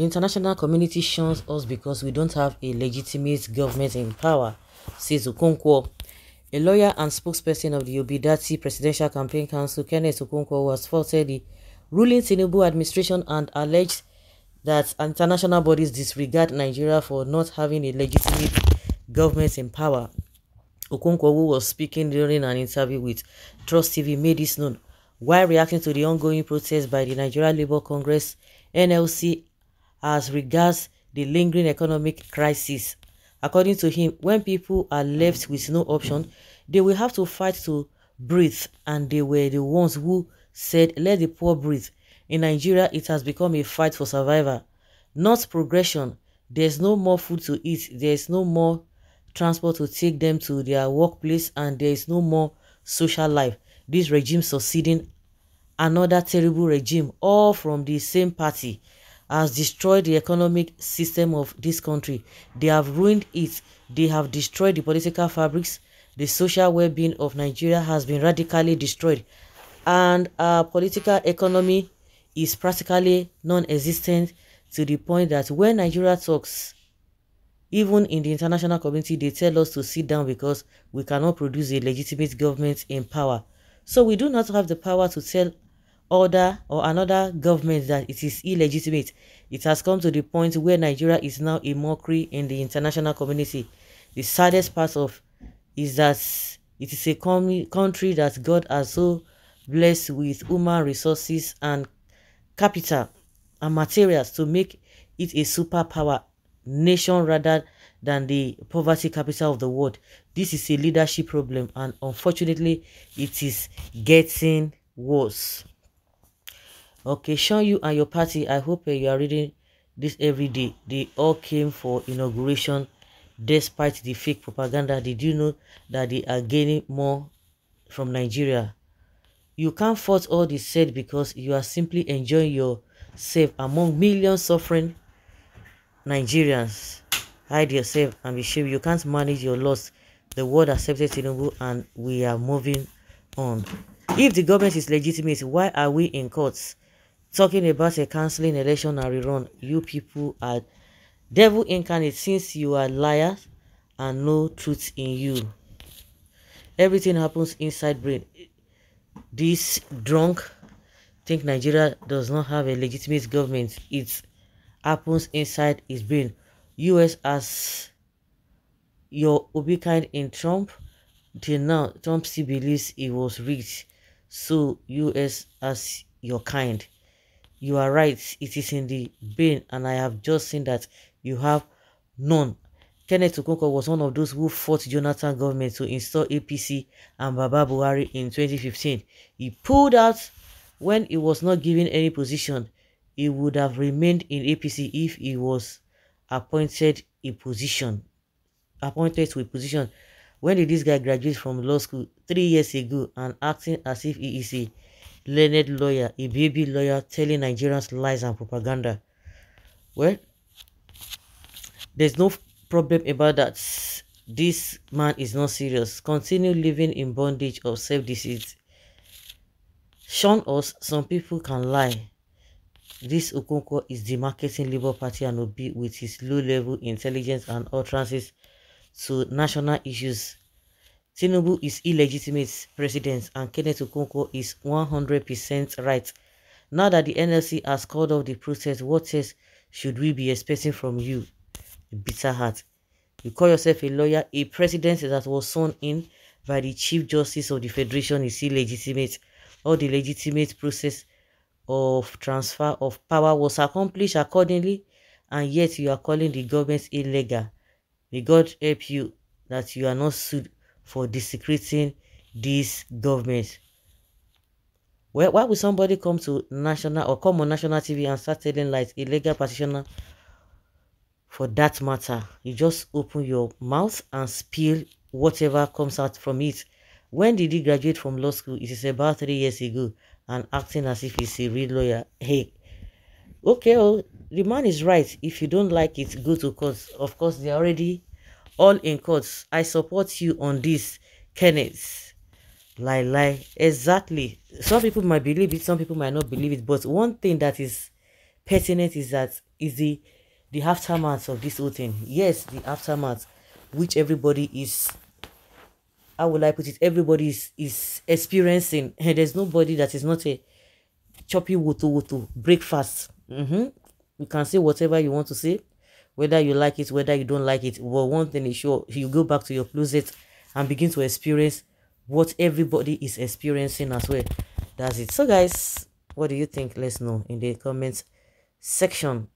The international community shuns us because we don't have a legitimate government in power, says Okonkwo. A lawyer and spokesperson of the Obidati Presidential Campaign Council, Kenneth Okonkwo, was faulted the ruling Tinubu administration and alleged that international bodies disregard Nigeria for not having a legitimate government in power. Okonkwo, was speaking during an interview with Trust TV, made this known while reacting to the ongoing protests by the Nigeria Labour Congress, NLC, as regards the lingering economic crisis. According to him, when people are left with no option, they will have to fight to breathe, and they were the ones who said, let the poor breathe. In Nigeria, it has become a fight for survival, not progression. There's no more food to eat, there's no more transport to take them to their workplace, and there is no more social life. This regime succeeding another terrible regime, all from the same party has destroyed the economic system of this country. They have ruined it. They have destroyed the political fabrics. The social well-being of Nigeria has been radically destroyed. And our political economy is practically non-existent to the point that when Nigeria talks, even in the international community, they tell us to sit down because we cannot produce a legitimate government in power. So we do not have the power to tell other or another government that it is illegitimate. It has come to the point where Nigeria is now a mockery in the international community. The saddest part of is that it is a country that God has so blessed with human resources and capital and materials to make it a superpower nation rather than the poverty capital of the world. This is a leadership problem and unfortunately it is getting worse. Okay, Sean, you and your party, I hope uh, you are reading this every day. They all came for inauguration despite the fake propaganda. Did you know that they are gaining more from Nigeria? You can't fault all this said because you are simply enjoying yourself among millions suffering Nigerians. Hide yourself and be sure you can't manage your loss. The world accepted Tinubu and we are moving on. If the government is legitimate, why are we in courts? talking about a cancelling election and rerun. You people are devil incarnate since you are liars and no truth in you. Everything happens inside brain. This drunk think Nigeria does not have a legitimate government. It happens inside his brain. US as your Obi kind in Trump till now Trump still believes it was rigged. So US as your kind you are right it is in the brain and i have just seen that you have none kenneth okonkwo was one of those who fought jonathan government to install apc and baba buhari in 2015 he pulled out when he was not given any position he would have remained in apc if he was appointed a position appointed to a position when did this guy graduate from law school three years ago and acting as if he is a learned lawyer, a baby lawyer telling Nigerians lies and propaganda. Well, there's no problem about that. This man is not serious. Continue living in bondage of self-deceit. Shun us, some people can lie. This Okonkwo is the marketing Labour Party and Obi with his low-level intelligence and utterances to national issues Tinubu is illegitimate president and Kenneth Okonkwo is 100% right. Now that the NLC has called off the process, what else should we be expecting from you? Bitter heart. You call yourself a lawyer, a president that was sworn in by the Chief Justice of the Federation is illegitimate. All the legitimate process of transfer of power was accomplished accordingly, and yet you are calling the government illegal. May God help you that you are not sued for desecrating this government. why would somebody come to national or come on national TV and start telling lies, illegal petitioner for that matter? You just open your mouth and spill whatever comes out from it. When did he graduate from law school? It is about three years ago and acting as if he's a real lawyer. Hey, okay, well, oh, the man is right. If you don't like it, go to court. Of course, they already all in quotes. I support you on this, Kenneth. Lie, lie. Exactly. Some people might believe it, some people might not believe it. But one thing that is pertinent is that is the the aftermath of this whole thing. Yes, the aftermath, which everybody is how will I put it? Everybody is, is experiencing, and there's nobody that is not a choppy woto woto breakfast. Mm -hmm. You can say whatever you want to say whether you like it, whether you don't like it. Well, one thing is sure, you go back to your closet and begin to experience what everybody is experiencing as well. That's it. So guys, what do you think? Let's know in the comments section.